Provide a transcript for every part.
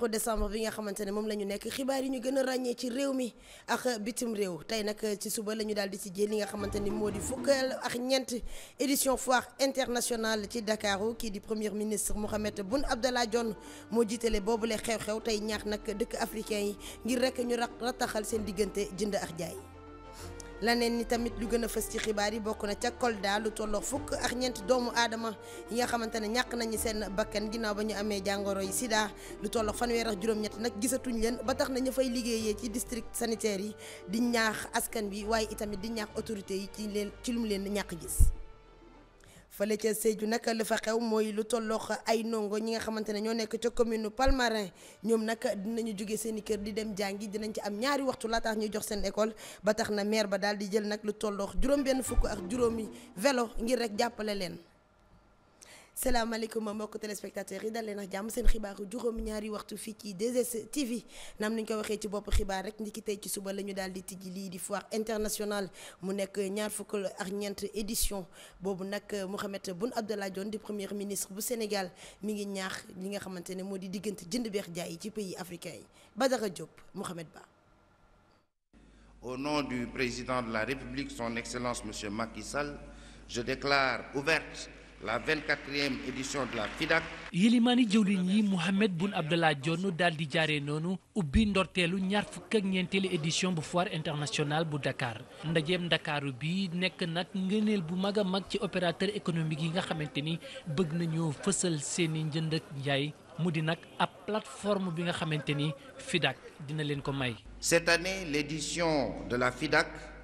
weeru décembre bi nga xamante ne moom la ñu nekk xibaar yi ñu gën a ràññee ci réew mi ak bitim réew tey nag ci suba la ñu daal di si jël li nga xamante ni moo di fukkal ak ñeent édition foire internationale ci Dakaaru kii di première ministre Mohamed Boun Abdallah Dionne moo jiitale boobule xew-xew tey ñaax nag dëkk africain yi ngir rek ñu ra rataxal seen diggante jënd ak jaay laneen ni tamit lu gën a fës ci xibaar yi bokk na ca Kolda lu tolloo fukk ak ñeent doomu aadama yi nga xamante ne ñàkk nañu seen bakkan ginnaaw ba ñu amee jàngoro yi sida lu tolloo fanweer ak juróom-ñett nag gisatuñ leen ba tax na ñu fay liggéeyee ci district sanitaire yi di ñaax askan bi waaye itamit di ñaax autorité yi ci leen ci lum leen ñàkk gis fële ca Sédhiou nag li fa xew mooy lu tollox ay ndongo ñi nga xamante ne ñoo nekk ca commune Palmarin ñoom nag dinañu jóge seen i kër di dem jàngi dinañ ci am ñaari waxtu laa tax ñuy jox seen école ba tax na maire ba daal di jël nag lu tollox juróom benn fukk ak juróomi vélo ngir rek jàppale leen salaamaaleykum mbokk téléspectateurs yi dal leen ak jàmm seen xibaaru juróom ñaari waxtu fii ci 2STV naam ni ñu ko waxee ci bopp xibaar rek ndiki tey ci suba la ñu daal di tijji lii di foire internationale mu nekk ñaar fukk ak ñeent édition boobu nag Mahammed Boun Abdallah jon di premier ministre bu Sénégal mi ngi ñaax li nga xamante ne moo di diggante jënd beex jaay yi ci pays africain yi Badara Diop Mohamed Ba. Au nom du président de la République son excellence monsieur Macky Sall je déclare ouverte. la 24e édition de la FIDAK. yilimaani jëwriñ yi Mouhamed Boun Abdallah Dionne daal di jaaree noonu ubbi ndorteelu ñaar fukk ak ñeenteelu édition bu foire internationale bu Dakar ndajeem ndakaaru bi nekk nag ngëneel bu mag a mag ci opérateur économique yi nga xamante ni bëgg nañu fësal seeni njënd ak njaay mu di nag ab plateforme bi nga xamante ni FIDAK dina leen ko may. cette année l'édition de la FIDAK.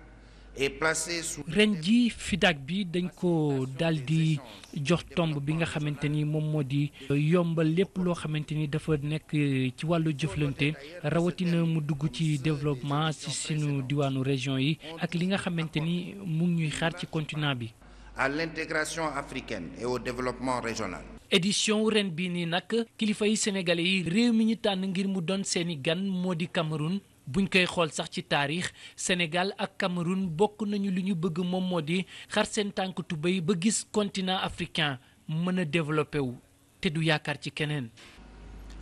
ren ji FIDAK bi dañ ko daal di jox tomb bi nga xamante ni moom moo di yombal lépp loo xamante ni dafa nekk ci wàllu jëflante rawatina mu dugg ci développement ci sunu diwaanu région yi ak li nga xamante ni mu ñuy xar ci continent bi. à l'intégration africaine et au développement régional. édition ren bii nii nag kilifa yi sénégalais yi réew mi ñu tànn ngir mu doon seeni gan moo di Cameroun. buñ koy xool sax ci taarix Sénégal ak Cameroun bokk nañu li ñu bëgg moom moo di xar seen tànk tubéy ba gis continent africain mën a développé wu te du yaakaar ci keneen.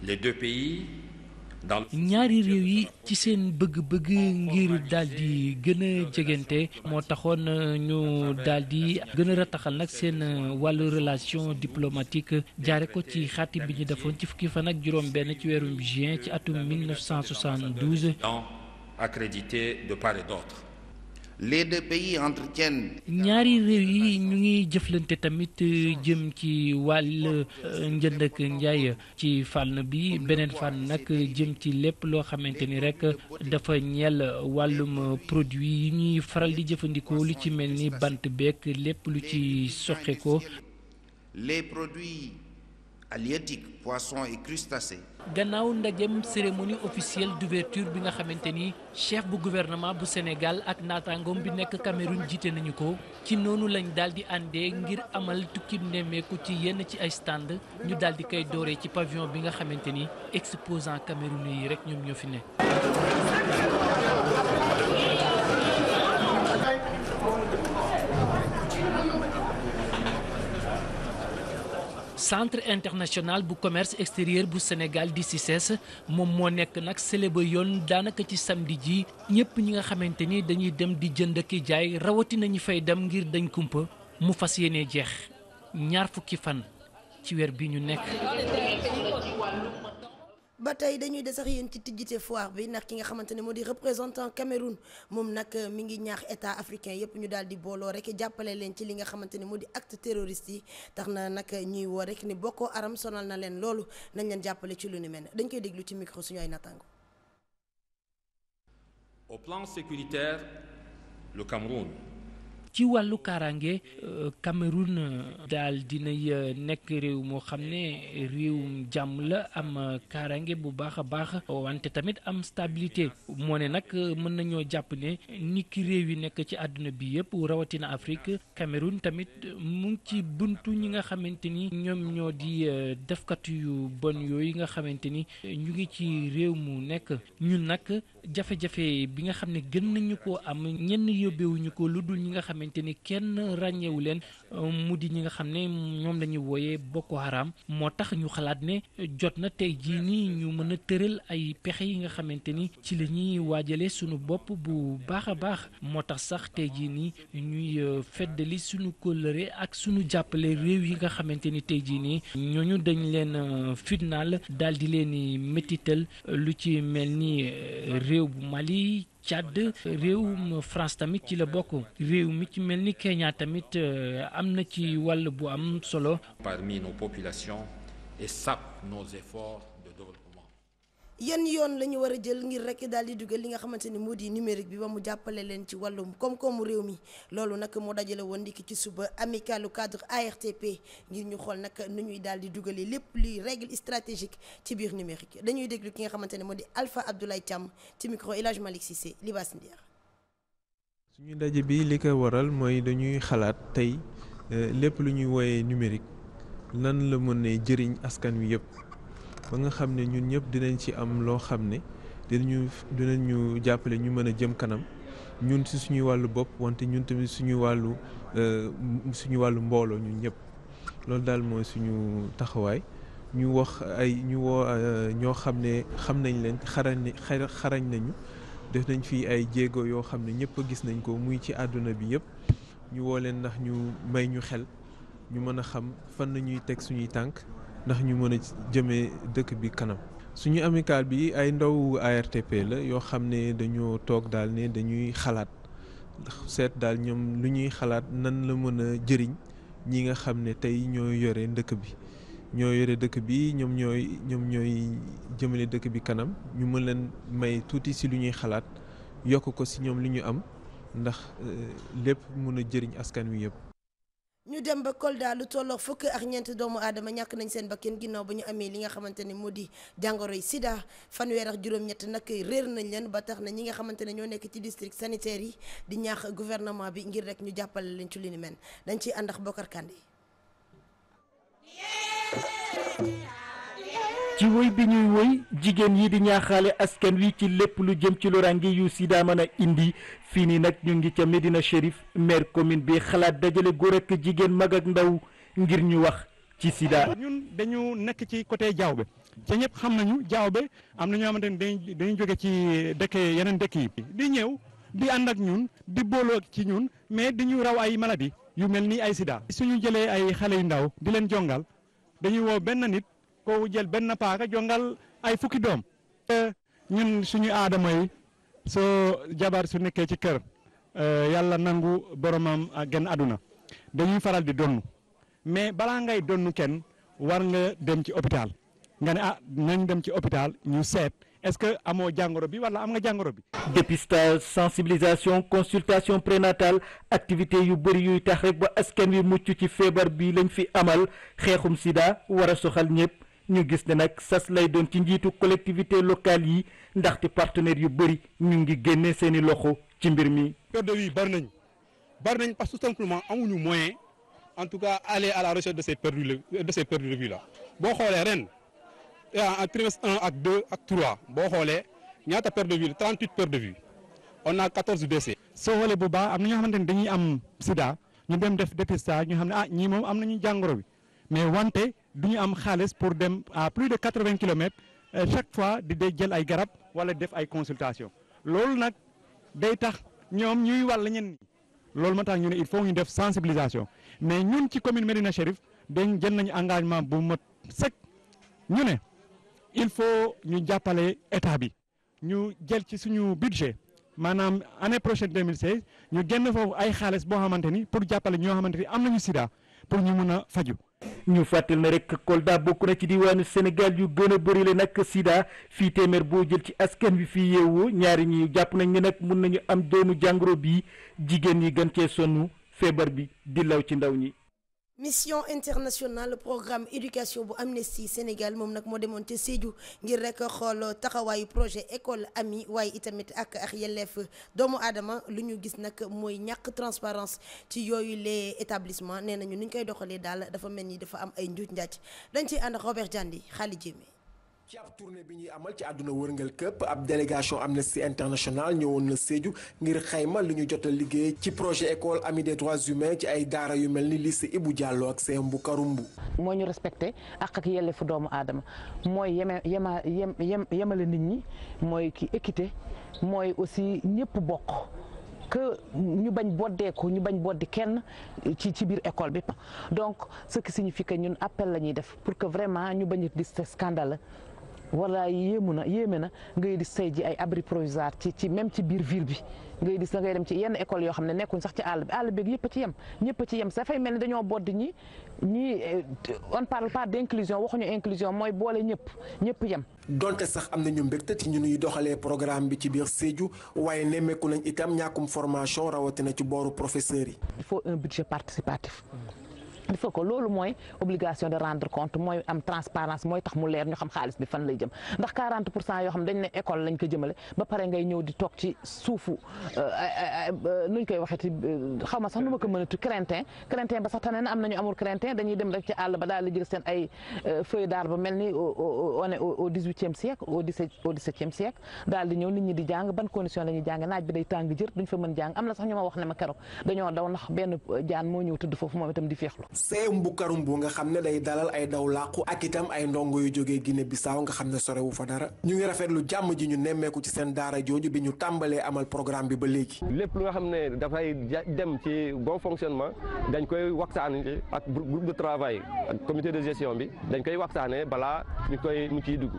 Les deux pays. ñaari réew yi ci seen bëgg-bëgg ngir daal di gën a jegante moo taxoon euh, ñu daal di gën a rataxal nag seen euh, wàllu relation diplomatique jaare ko ci xaatim bi ñu defoon ci fukki fan ak juróom-benn ci weeru juin ci atum 1972. accrédité de part et d'autre. les deux pays entretiennent. ñaari réew yi ñu ngi jëflante tamit euh, jëm ci wàll euh, njënd ak njaay ci fànn bi beneen fànn nag jëm ci lépp loo xamante ni rek dafa ñel wàllum produit yi ñuy faral di jëfandikoo lu ci mel ni bant beeg lépp lu ci soqe ko. les produits halieutiques poissons et crustacés. gannaaw ndajem cérémonie officielle duverture bi nga xamante ni chef bu gouvernement bu Sénégal ak naataangoom bi nekk Cameroun jiite nañu ko ci noonu lañ daal di àndee ngir amal tukki nemmeeku ci yenn ci ay stand ñu daal di koy dooree ci pavion bi nga xamante ni exposant camerounais yi rek ñoom ñoo fi ne centre international bu commerce extérieur bu Sénégal di CICES e moom moo nekk nag célébé yoon daanaka ci samedi ji ñëpp ñi nga xamante ni dañuy dem di jënd ak jaay rawatina ñu fay dem ngir dañ kumpa mu fas yéene jeex ñaar fukki fan ci weer bi ñu nekk. ba tey dañuy des sax yéen ci tijjite foire bi ndax ki nga xamante ne moo di représentant Cameroun moom nag euh, mi ngi ñaax état africain yëpp ñu daal di booloo rek jàppale leen ci li nga xamante ne moo di acte terroriste yi tax na nag ñuy woo rek ni bokkoo aram sonal na leen loolu nañ leen jàppale ci lu ni mel dañ koy déglu ci micro suñu ay nattaango. Au ci wàllu kaaraange euh, Cameroun euh, daal dinay euh, nekk réew moo xam ne réewum jàmm la am kaaraange bu baax a baax wante tamit am stabilité moo ne nag mën nañoo jàpp ne ni ki réew yi nekk ci àdduna bi yëpp rawatina Afrique Cameroun tamit mu ci buntu ñi nga xamante ni ñoom ñoo di defkat yu bon yooyu nga xamante ni ñu ngi ci réew mu nekk ñun nag jafe-jafe bi nga xam ne gën nañu koo am ñenn yóbbewuñu ko lu dul ñi nga xamante ni kenn ràññewu leen Euh, mu di ñi nga xam ne ñoom la ñuy wooyee Boko Haram moo tax ñu xalaat ne jot na tey jii nii ñu mën a tëral ay pexe yi nga xamante ni ci la ñuy waajale sunu bopp bu baax a baax moo tax sax tey jii nii ñuy euh, feddali sunu kóllëre ak sunu jàppale réew yi nga xamante ni tey jii nii ñooñu dañ leen euh, fitnaal daal di leen métital lu ci mel ni réew bu Mali Tchad réewum France tamit ci la bokk réew mi ci mel ni Kenya tamit euh, am na ci wàll bu am solo. parmi nos populations et sape nos efforts. yan yoon la ñu war a jël ngir rek daal di dugal li nga xamante ni moo di numérique bi ba mu jàppale leen ci wàllum koom-koomu réew mi loolu nag moo dajale woon ndikk ci suba amicalu cadre ARTP ngir ñu xool nag nu ñuy daal di dugalee lépp luy règle stratégique ci biir numérique dañuy déglu ki nga xamante ne moo di Alpha Abdoulaye Thiam ci micro Elage Malick Cissé Libas Ndiaye. suñu ndaje bi li ko waral mooy dañuy xalaat tey euh, lépp lu ñuy wooyee numérique nan la mën jëriñ askan wi yëpp. ba nga xam ne ñun ñëpp dinañ ci am loo xam ne dinañu dinañu jàppale ñu mën a jëm kanam ñun ci suñuy wàllu bopp wante ñun tamit suñu wàllu euh, suñu wàllu mbooloo ñun ñëpp loolu daal mooy suñu taxawaay ñu wax ay ñu woo euh, ñoo xam ne xam nañ leen xarañ nañu def nañ fii ay jéego yoo xam ne ñëpp gis nañ ko muy ci àdduna bi yëpp ñu woo leen ndax ñu may ñu xel ñu mën a xam fan la ñuy teg suñuy tànk ndax ñu mën a jëmee dëkk bi kanam. suñu amicale bi ay ndaw ARTP la yoo xam ne dañoo toog daal ne dañuy xalaat seet daal ñoom lu ñuy xalaat nan la mën a jëriñ ñi nga xam ne tey ñoo yore dëkk bi. ñoo yore dëkk bi ñoom ñooy ñoom ñooy jëmale dëkk bi kanam ñu mën leen may tuuti si lu ñuy xalaat yokk ko si ñoom lu ñu am ndax euh, lépp mën a jëriñ askan wi yëpp. ñu dem ba Kolda lu tolloog fukk ak ñeenti doomu aadama ñàkk nañ seen ba kenn ginnaaw ba ñu amee li nga xamante ne moo di jàngoroy Sida fanweer ak juróom-ñett nag réer nañ leen ba tax na ñi nga xamante ne ñoo nekk ci district sanitaire yi di ñaax gouvernement bi ngir rek ñu jàppale leen ci li ni mel dañ ciy ànd ak Bokar Kande ci woy bi ñuy woy jigéen yi di ñaaxaale askan wi ci lépp lu jëm ci loraange yu sida mën a indi fii nii nag ñu ngi ca Médina Chérif maire commune bi xalaat dajale góor ak jigéen mag ndaw ngir ñu wax ci sida. ñun dañu nekk ci côté Diaobé te ñëpp xam nañu Diaobé am na ñoo xamante ne dañ dañuy jóge ci dëkk yeneen dëkk yi. di ñëw di ànd ak ñun di booloo ci ñun mais di ñu raw ay maladie yu mel ni ay sida. ñu jëlee ay xale yu ndaw di leen jongal dañuy woo benn kooku jël benn paaka jongal ay fukki doom. ñun suñu aadama yi soo jabar su nekkee ci kër euh, yàlla nangu boromam genn àdduna dañuy faral di donnu mais balaa ngay donnu kenn war nga dem ci hôpital nga ne ah nañ dem ci hôpital ñu seet est-ce que amoo jàngoro bi walla am nga jàngoro bi. dépistage sensibilisation consultation prénatale activité yu bëri yuy tax rek ba askan bi mucc ci feebar bi lañ fi amal xeexum sida war a soxal ñëpp. ñu gis ne nag sas lay doon ci njiitu collectivité locale yi ndaxte partenaire yu bëri ñu ngi génne seeni loxo ci mbir mi. perte yi bari nañ bari nañ parce que tout simplement amuñu moyen en tout cas aller à la recherche de ces perdus de ces perdus de vue là boo xoolee ren en trimestre 1 ak 2 ak trois boo xoolee ñaata perte de vue 38 per de vue on a 14 décès. soo xoolee bu baax am na ñoo xamante ni dañuy am sida ñu dem def dépistage ñu xam ne ah ñii moom am nañu jàngoro bi du ñu am xaalis pour dem à plus de quatre-vingts kilomètres euh, chaque fois di day jël ay garab wala def ay consultation loolu nag day tax ñoom ñuy walla ñenn loolu moo tax ñu ne il faut ñu def sensibilisation mais ñun ci commune Médina Chérif dañ jël nañu engagement bu mat sëkk ñu ne il faut ñu jàppale état bi ñu jël ci suñu budget maanaam année prochaine 2016 ñu génn foofu ay xaalis boo xamante ni pour jàppale ñoo xamante ni am nañu sida pour ñu mën a faju ñu fàttali na rek Kolda bokk na ci diwaanu Sénégal yu gën a bëri la nag sida fii téeméer boo jël ci askan bi fii yeewu ñaari ñi jàpp nañ ne nag mun nañu am doomu jàngoro bi jigéen ñi gën cee sonn feebar bi di ci ndaw ñi mission internationale programme éducation bu Amnesty Sénégal moom nag moo demoon ca Sédhiou ngir rek xool taxawaayu projet école ami waaye itamit ak ak yelleef doomu aadama lu ñu gis nag mooy ñàq transparence ci yooyu les établissements nee nañu ni koy doxalee daal dafa mel ni dafa am ay njuuj njaaj dañ ciy ànd Robert Diandi xaali jéeme ci ab tournée bi ñuy amal ci àdduna wërngal këpp ab délégation Amnesty International ñëwoon na Sédhiou ngir xayma li ñu jot a liggéey ci projet école ami des droits humains ci ay daara yu mel ni lycée Ibou Diallo ak CEM bu Karumbu moo ñu respecté ak ak yelleefu doomu aadama mooy yeme yema yem yemale nit ñi mooy ki équité mooy aussi ñëpp bokk que ñu bañ boddeeku ñu bañ boddi kenn ci ci biir école bi donc ce qui signifie que ñun appel la ñuy def pour que vraiment ñu bañ a gis scandale wala yéemu na yéeme na ngay di say ji ay abri provisoire ci ci même ci biir ville bi ngay dis na ngay dem ci yenn école yoo xam ne nekkuñ sax ci àll bi àll beeg yëpp ci yem ñëpp a ci yem sa fay mel ni dañoo bodd ñi ñi euh, on parle pas d'inclusion waxuñu inclusion mooy boole ñëpp ñëpp yem. donte sax am nañu mbégte ci ñu nuy doxalee programme bi ci biir Sédhiou waaye nemmeeku nañ itam ñàkkum formation rawatina ci booru professeurs yi. il faut un budget participatif. il faut que loolu mooy obligation de rendre compte mooy am transparence mooy tax mu leer ñu xam xaalis bi fan lay jëm ndax 40 pour cent yoo xam dañ ne école lañ ko jëmale ba pare ngay ñëw di euh, euh, euh, koy waxee ci xaw ma sax nu ma ko mënatu crintin crintin ba sax tane na am nañu amul crintin dañuy dem rek ci àll ba daal di jël seen ay feuille d'arbre mel ni on est au dix-huitième siècle au dix-sept au dix-septième siècle daal di ñëw nit ñi di jàng ban condition la ñuy jàng naaj bi day tàng jër duñ fa mën jàng am na sax ñu ma wax ne ma keroog dañoo daw ndax benn jaan moo ñëw tudd foofu moom itam di féexlu seem bu karumbu nga xam ne day dalal ay daw làqu ak itam ay ndongo yu jógee Guinée Bissau nga xam ne sorewu fa dara ñu ngi rafetlu jàmm ji ñu nemmeeku ci seen daara jooju bi ñu tàmbalee amal programme bi ba léegi. lépp lu nga xam ne dafay dem ci bon fonctionnement dañ koy waxtaan ak groupe de travail ak comité de gestion bi dañ koy waxtaanee balaa ñu koy mu ciy dugg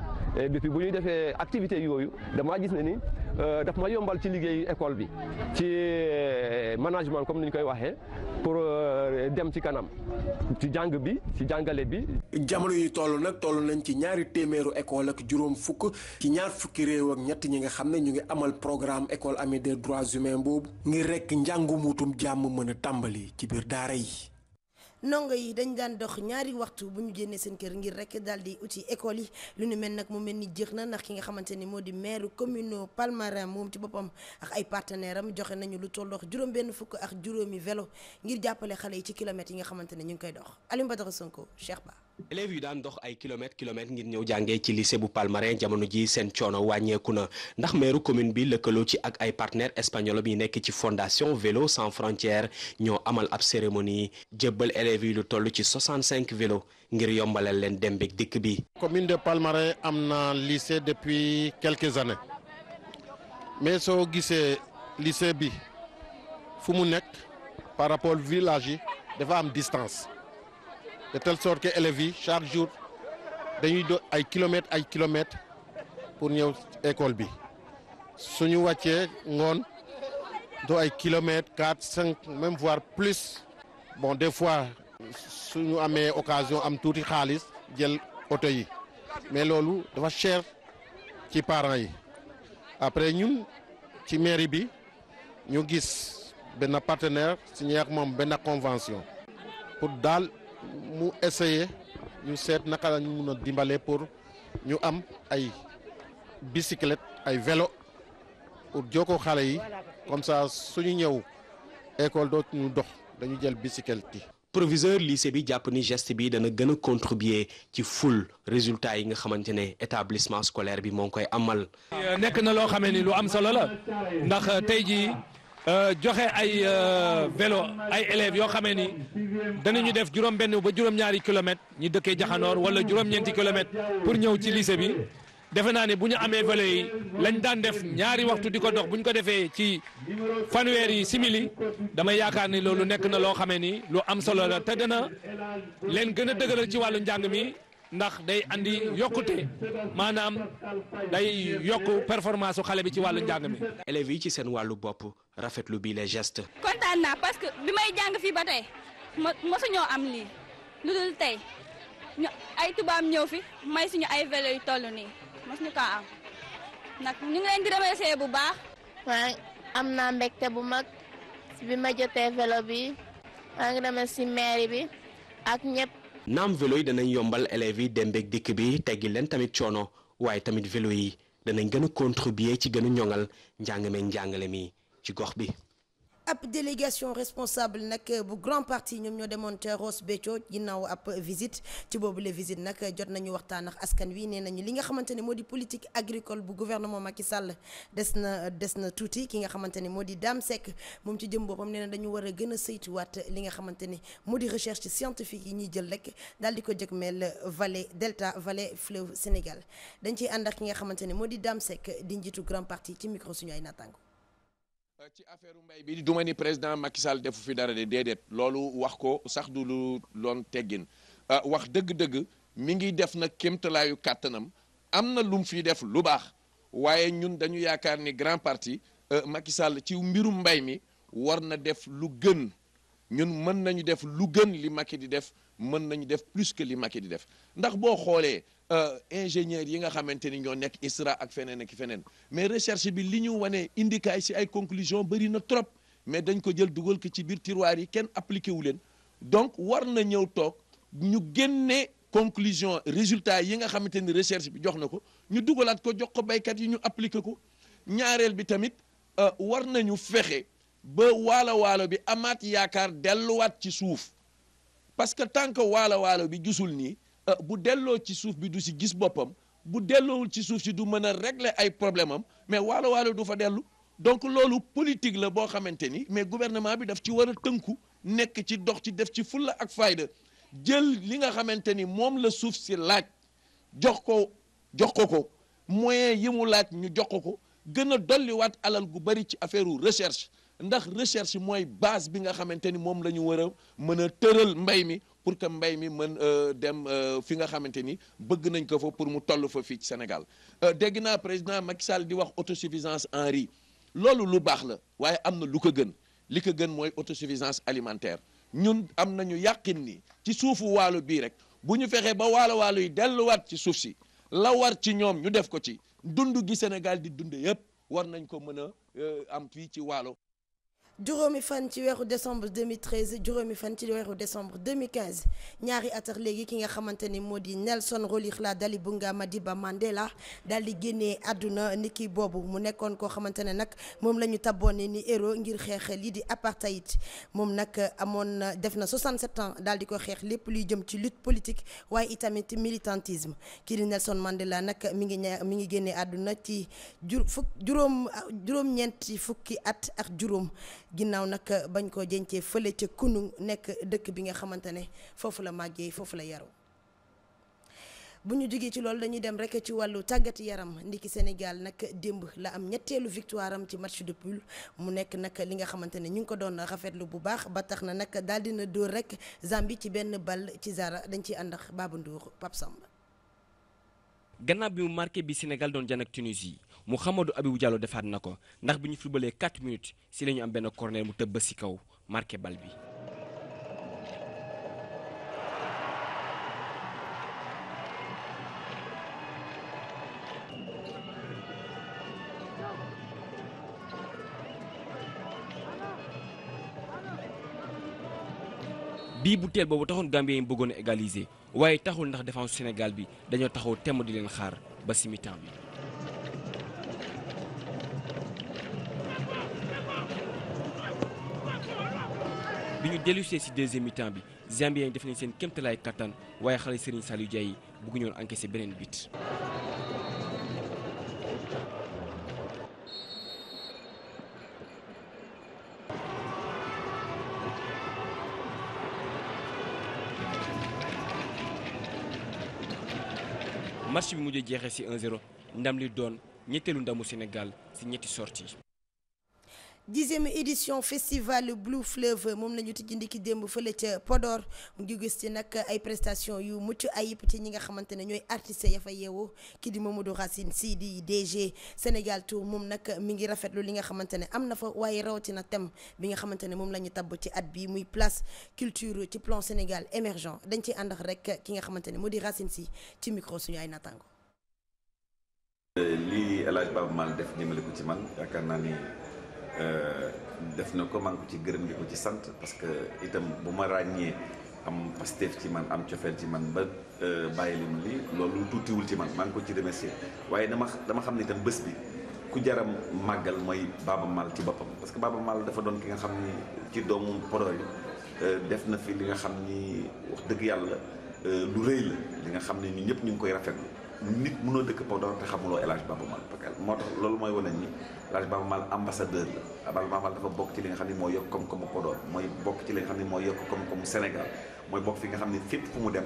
depuis bu ñuy defee activité yooyu damaa gis ne ni. Euh, daf ma yombal ci liggéey école bi ci euh, management comme ni ñu koy waxee pour euh, dem ci kanam ci jàng bi ci jàngale bi. jamono yi toll nag toll nañ ci ñaari téeméeru école ak juróom fukk ci ñaar fukki réew ak ñett ñi nga xam ne ñu ngi amal programme école amie des droits humains boobu ngi rek njàngu muutum jàmm mën a tàmbali ci biir daara yi. ndongo yi dañu daan dox ñaari waxtu bu ñu génnee seen kër ngir rek daal di uti école yi lu ni mel nag mu mel ni jeex na ndax ki nga xamante ni moo di maire commune Palmarin moom ci boppam ak ay partenaire am joxe nañu lu tollox juróom-benn fukk ak juróomi velo ngir jàppale xale yi ci kilomètres yi nga xamante ne ñu ngi koy dox Aliou Badara Sonko Cheikh Ba. élèves yu daan dox ay kilomètres kilomètres ngir ñëw jàngee ci lycée bu Palmarin jamono ji seen coono wàññeeku na ndax meeru commune bi lëkkaloo ci ak ay partenaires espagnol bi nekk ci fondation vélo sans frontières ñoo amal ab cérémonie jébbal élèves yi lu toll ci 65 vélo ngir yombalal leen dem beeg dikk bi. commune de Palmarin am na lycée depuis quelques années mais soo gisee lycée bi fu mu nekk par rapport village yi dafa am distance. de telle sorte que élèves yi chaque jour dañuy do ay kilomètres ay kilomètres pour ñëw école bi suñu wàccee ngoon do ay kilomètres quatre cinq même voire plus bon des fois suñu amee occasion am tuuti xaalis jël oto yi mais loolu dafa cher ci parents yi après ñun ci mairie bi ñu gis benn partenaire signé ak moom benn convention pour daal. mu essayer ñu seet naka la ñu mun a dimbalee pour ñu am ay bicyclette ay vélo pour ko xale yi comme ça suñu ñëw école dootuñu dox dañu jël bicyclette yi. proviseur lycée bi jàpp ni gest bi dana gën a contribuer ci ful résultat yi nga xamante ne établissement scolaire bi moo ngi koy amal. nekk na loo xamee ni lu am solo la ndax tey jii. Euh, joxe ay euh, vélo ay élèves yoo xamee ni danañu def juróom-benn ba juróom-ñaari kilomètres ñu dëkkee jaxanoor wala juróom-ñeenti kilomètres pour ñëw ci lycée bi defe naa ne bu ñu amee vélo yi lañ daan def ñaari waxtu di ko dox bu ñu ko defee ci fanweer fanweeri simili damay yaakaar ni loolu nekk na loo xamee ni lu am solo la te dana leen gën a dëgëral ci wàllu njàng mi ndax day andi yokkute maanaam day yokk performance su xale bi ci wàllu njàng mi. élèves yi ci seen wàllu bopp rafetlu bii les gestes. kontaan naa parce que bi may jàng fii ba tey mosuñoo am lii lu dul tey ñu ay tubaab ñëw fi may suñu ay vélo yu toll nii mosuñu kaa am nag ñu ngi leen di remercier bu baax. waaye am naa mbégte bu mag bi ma jotee vélo bi maa ngi remercier mairie bi ak ñëpp. naam vélo yi danañ yombal élèves yi dem dikk bi teggi leen tamit coono waaye tamit vélo yi danañ gën a contribuer ci gën a ñoŋal njàng meeg njàngale mi ci gox bi. ab délégation responsable nag bu grand parti ñoom ñoo demoon ca Ross Béthio ginnaaw ab visite ci boobu la visite nag jot nañu waxtaan ak askan wi nee nañu li nga xamante ne moo di politique agricole bu gouvernement Macky Sall des na des na tuuti ki nga xamante ne moo di Dame moom ci jëm boppam nee na dañu war a gën a saytuwaat li nga xamante ne moo di recherche scientifique yi ñuy jël rek daal di ko jëgmeel vallée delta vallée fleuve Sénégal dañ ciy ànd ak ki nga xamante ne moo di Dame Seck di njiitu grand parti ci micro suñu ay ci affaire mbay bi du ni président Macky Sall defu fi dara de déedéet loolu wax ko sax du lu loon teggin euh, wax dëgg-dëgg mi ngi def nag kéemtalaayu kàttanam am na lum fi def lu baax waaye ñun dañu yaakaar ni grand parti euh, Macky Sall ci mbirum mbay mi war na def lu gën ñun mën nañu def lu gën li Macky di def mën nañu def plus que li maki di def ndax boo xoolee Euh, ingénieur yi nga xamante ni ñoo nekk istra ak feneen ak feneen mais recherche bi li ñu wane indi si ay conclusion bëri na trop mais dañ ko jël dugal ko ci biir tiroir yi kenn appliqué wu leen donc war na ñëw toog ñu génne conclusion résultat yi nga xamante ni recherche bi jox na ko ñu dugalaat ko jox ko baykat yi ñu appliqué ko ñaareel bi tamit euh, war nañu fexe ba waalo waalo bi amaat yaakaar delluwaat ci suuf parce que tant que waalo waalo bi gisul nii Euh, bu delloo ci suuf bi du si gis boppam bu delloowul ci suuf si du mën a régler ay problème am mais waalo waalo du fa dellu donc loolu politique la boo xamante ni mais gouvernement bi daf ci war a tënku nekk ci dox ci def ci fulla ak fayda jël li nga xamante ni moom la suuf si laaj jox ko jox ko ko moyen yi mu laaj ñu jox ko ko gën a dolliwaat alal gu bari ci affaire recherche ndax recherche mooy base bi nga xamante ni moom la ñu war a mën a tëral mbay mi pour que mbay mi mën euh, dem euh, fi nga xamante ni bëgg nañ ko fa pour mu toll fa fii ci Sénégal euh, dégg naa président Macky Sall di wax autosuffisance en riz loolu lu baax la waaye am na lu ko gën li ko gën mooy autosuffisance alimentaire ñun am nañu yàqin ni ci suufu waalo bii rek bu ñu fexee ba waalo waalo yi delluwaat ci suuf si la war ci ñoom ñu def ko ci dund gi Sénégal di dund yëpp war nañ ko mën a am fii ci waalo juróomi fan ci weeru décembre 2013 juróomi fan ci weeru décembre 2015 ñaari atax léegi ki nga xamante ni moo di Nelson Rolihlahla Dalibunga Madiba Mandela daal di génnee àdduna niki boobu mu nekkoon koo xamante ne nag moom la ñu tabboon ni héros ngir xeex lii di apartheid moom nag amoon def na 67 ans daal di ko xeex lépp luy jëm ci lutte politique waaye itamit militantisme kii di Nelson Mandela nag mi ngi ña mi ngi génnee àdduna ci juróom juróom-ñeenti fukki at ak juróom. ginnaaw nag euh, bañ koo dencee fële ca Kunung nekk dëkk bi nga xamante ne foofu la màggee foofu la yaru bu ñu jógee ci loolu dañuy dem rek ci wàllu tàggat yaram ndiki Sénégal nag démb la am ñetteelu victoire am ci match de poule mu nekk nag li nga xamante ne ñu ngi ko doon rafetlu bu baax ba tax na nag daal na dóor rek Zambie ci benn bal ci zara dañ ci ànd ak Babou Ndour Pape gannaaw bi mu marqué bi Sénégal doon jan ak Tunisie. mu Mouhamadou Abibou Diallo defaat na ko ndax bi ñu footballee 4 minutes si la ñu am benn corner mu tëb ba si kaw marqué bal bi. bii bu teel boobu taxoon Gambie yi bëggoon a égaliser waaye taxul ndax défense senegal bi dañoo taxaw temm di leen xaar ba si mi bi. bi ñu dellusee si deuxième mi-temps bi Zambien def nañ seen kéemtalaay kattan waaye xale Serigne Saliou Dia yi bugg ñoon encaissé beneen bit. match bi mujj jeexee ci 1-0 ndam li doon ñetteelu ndamu Sénégal si ñetti sorties. dixième édition festival Blue Fleuve moom la ñu tijji ndiki démb fële ca Podor mu gis ci nag ay prestation yu mucc ayib ci ñi nga xamante ne ñooy artistes ya fa yeewu ki di Mamadou Racine Sy di DG Sénégal Tour moom nag mi ngi rafetlu li nga xamante ne am na fa waaye rawatina tem bi nga xamante ne moom la ñu tabb ci at bi muy place culture ci plan Sénégal émergent dañ ciy àndax rek ki nga xamante ne moo di Racine si ci micro suñu ay nattango eh, Euh, def na ko maa ngi ko ci gërëm di ko ci sant parce que itam bu ma ràññee am Pastef ci man am cofeel ci man ba euh, bàyyi li mu lii loolu tuutiwul ci man maa ko ci remercier waaye dama dama xam ne itam bés bi ku jaram màggal mooy Baaba Maal ci boppam parce que Baaba Maal dafa doon ki nga xam ni ci doomu Podor yi euh, def na fi li nga xam ni wax dëgg yàlla lu rëy la li nga xam ne ñu ñëpp ñu ngi koy rafet nit noo dëkk Podor te xamuloo El Hadj Mal parce moo tax loolu mooy wane ni El Hadj Baba Mal ambassadeur la Baba Mal dafa bokk ci li nga xam ni moo yokk koom-koomu Podor mooy bokk ci li nga xam ne moo yokk koom-koomu Sénégal mooy bokk fi nga xam ne fépp fu mu dem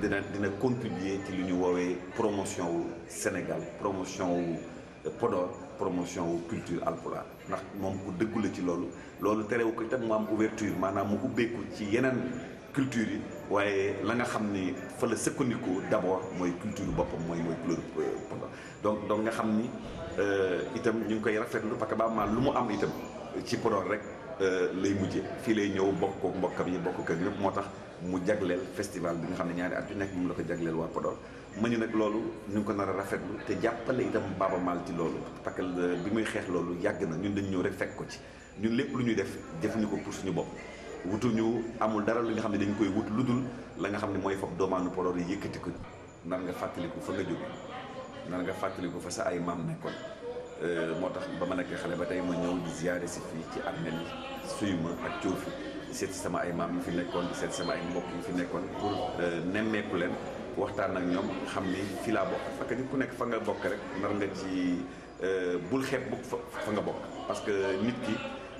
dina dina contribuer ci li ñuy woowee promotion wu Sénégal promotion wu euh, Podor promotion wu culture alpulaar ndax moom ku dëggu la ci loolu loolu terewu ko itam mu am ouverture maanaam mu ubbeeku ci yeneen culture yi waaye la nga xam ni fa la sëkkandiku d'abord mooy culture boppam mooy mooy couleur euh, donc donc nga xam ni euh, itam ñu ngi koy rafetlu parce que ba ma lu mu am itam ci Podor rek euh, lay mujje fii lay ñëw bokk ko mbokkam yi bokk kër yëpp moo tax mu jagleel festival bi nga xam ne ñaari at yu nekk moom la ko jagleel waa Podor ma ñu nag loolu ñu ngi ko nar rafetlu te jàppale itam Baaba Maal ci loolu parce que bi muy xeex loolu yàgg na ñun dañu ñëw rek fekk ko ci ñun lépp lu ñuy def defuñu ko pour suñu bopp wutuñu amul dara li nga xam ne dañ koy wut lu dul la nga xam ne mooy fab doomaanu Podor yi yëkkati ko nar nga fàttaliku fa nga jóge nar nga fàttaliku fa sa ay maam nekkoon euh, moo tax ba ma nekk xale ba tey ma ñëw di ziare si fii ci armeel yi suy ma ak coofi seet sama ay maam yi fi nekkoon di seet sama ay mbokk yi fi nekkoon pour euh, nemmeeku leen waxtaan ak ñoom xam ni fi laa bokk fekk nit ku nekk fa nga bokk rek nar nga ci euh, bul xeeb bu nga bokk parce que nit ki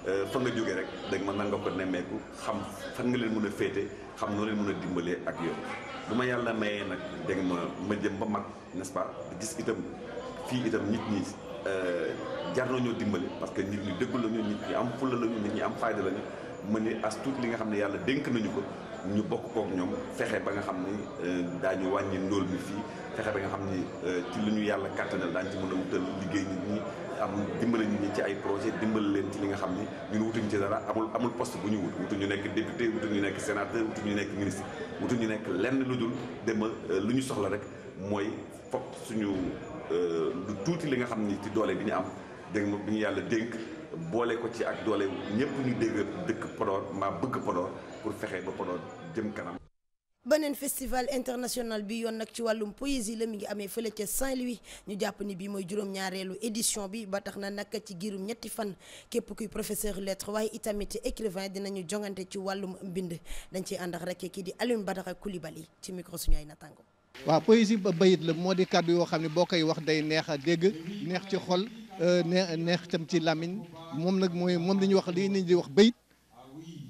Euh, fa nga jógee rek dégg ma nan nga ko nemmeeku xam fan nga leen mën a féete xam noo leen mën a dimbalee ak yow bu ma yàlla mayee nag dégg ma ma jëm ba mag n'est-ce pas gis itam fii itam nit ñi euh, jar nañoo dimbale parce que nit ñi déggu lañu nit ñi am fulla lañu nit ñi am fayda lañu ma ni as tuut li nga xam ne yàlla dénk nañu ko ñu bokk kook ñoom fexe ba nga xam euh, daa ñu wàññi ndóol mi fii fexe ba nga xam ni ci lu ñu yàlla kàttanal daañu ci mën a wutal liggéey nit ñi am dimbale nit ñi ci ay projet dimbali leen ci li nga xam ni ñun wutuñ ci dara amul amul post bu ñu wut wutuñ ñu nekk député wutuñ ñu nekk sénateur wutuñ ñu nekk ministre wutuñ ñu nekk lenn lu dul dem euh, lu ñu soxla rek mooy foog suñu euh, lu tuuti li nga xam ni ci doole bi ñu am dégg nga bi ñu yàlla dénk boole ko ci ak doole ñëpp ñu dégg dëkk Podor maa bëgg Podor pour fexe ba Podor jëm kanam beneen festival international bi yoon nag ci wàllum poésie la mi ngi amee fële ca Saint-Louis ñu jàpp ni bii mooy juróom-ñaareelu édition bi ba tax na nag ci girum ñetti fan képp kuy professeur lettre waaye itamit écrivain dinañu jongante ci wàllum mbind dañ ciy àndax rek kii di Alioune Badara Coulibaly ci micro suñu ay natango waaw poésie ba bayit la moo di kàddu yoo xam ne boo koy wax day neex a dégg neex ci xol euh, neex neex tam ci làmmiñ moom nag mooy moom la wax li nit di wax bayit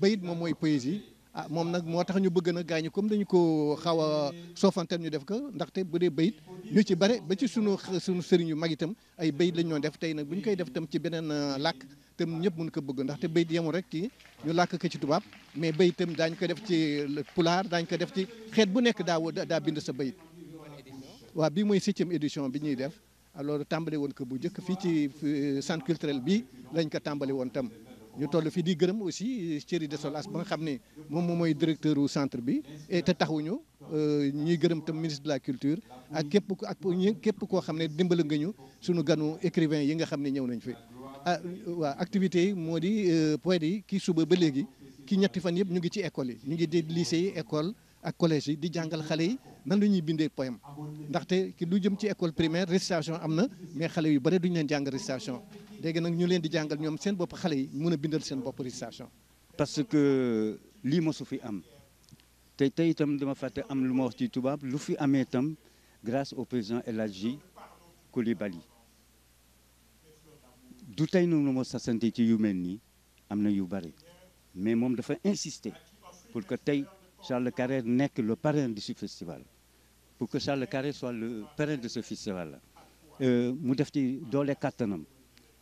bayit moom mooy poésie ah moom nag moo tax ñu bëgg na gaa gaañu comme dañu ko xaw a soofantel ñu def ko ndaxte bu dee bayit ñu ci bare ba ci sunu sunu sëriñ yu mag itam ay bayit lañ ñoo def tey nag bu ñu koy def tam ci beneen ah, làkk tam ñëpp mun ko bëgg ndaxte bayit yemu rek ci ñu làkk ko ci tubaab mais bayit tam daañu ko def ci pulaar daañu ko def ci xeet bu nekk daa daa bind sa bayit waa bii mooy septième édition bi ñuy def alors tàmbali woon ko bu njëkk fii ci centre culturel bi lañ ko tàmbali woon tam ñu toll fi di gërëm aussi de Desolas ba nga xam ne moom moom mooy directeur wu centre bi te te taxuñu euh, ñuy gërëm tam ministre la culture ak képp ak képp koo xam ne dimbali nga ñu suñu ganu écrivain yi nga xam ne ñëw nañ fi. Ah, waa activités yi moo di euh, poètes yi kii suba ba léegi ki ñetti fan yëpp ñu ngi ci école yi ñu ngi di lycée yi école ak collège yi di jàngal xale yi. nan la ñuy bindee poème ndaxte lu jëm ci école primaire récitation am na mais xale yu bëri duñ leen jàng récitation léegi nag ñu leen di jàngal ñoom seen bopp xale yi mun a bindal seen bopp récitation. parce que lii mosu fi am te tey itam dama fàtte am lu ma wax ci tubaab lu fi amee tam grâce au président El Hadji Coulibaly du tey noonu moo sasante ci yu mel nii am na yu bëri mais moom dafa insister pour que tey Charles Carrère nekk le parrain du festival pour que Charles Carré soit le parrain de ce festival euh, mu def ci doole kàttanam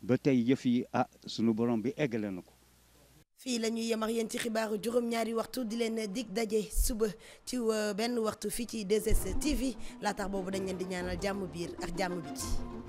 ba tey yëf yi ah sunu borom bi eggale na ko. fii la ñuy yem ak ci xibaaru juróom-ñaari waxtu di leen dig daje suba ci euh, benn waxtu fii ci 2 laa tax boobu dañ leen di ñaanal jàmm biir ak jàmm bi ci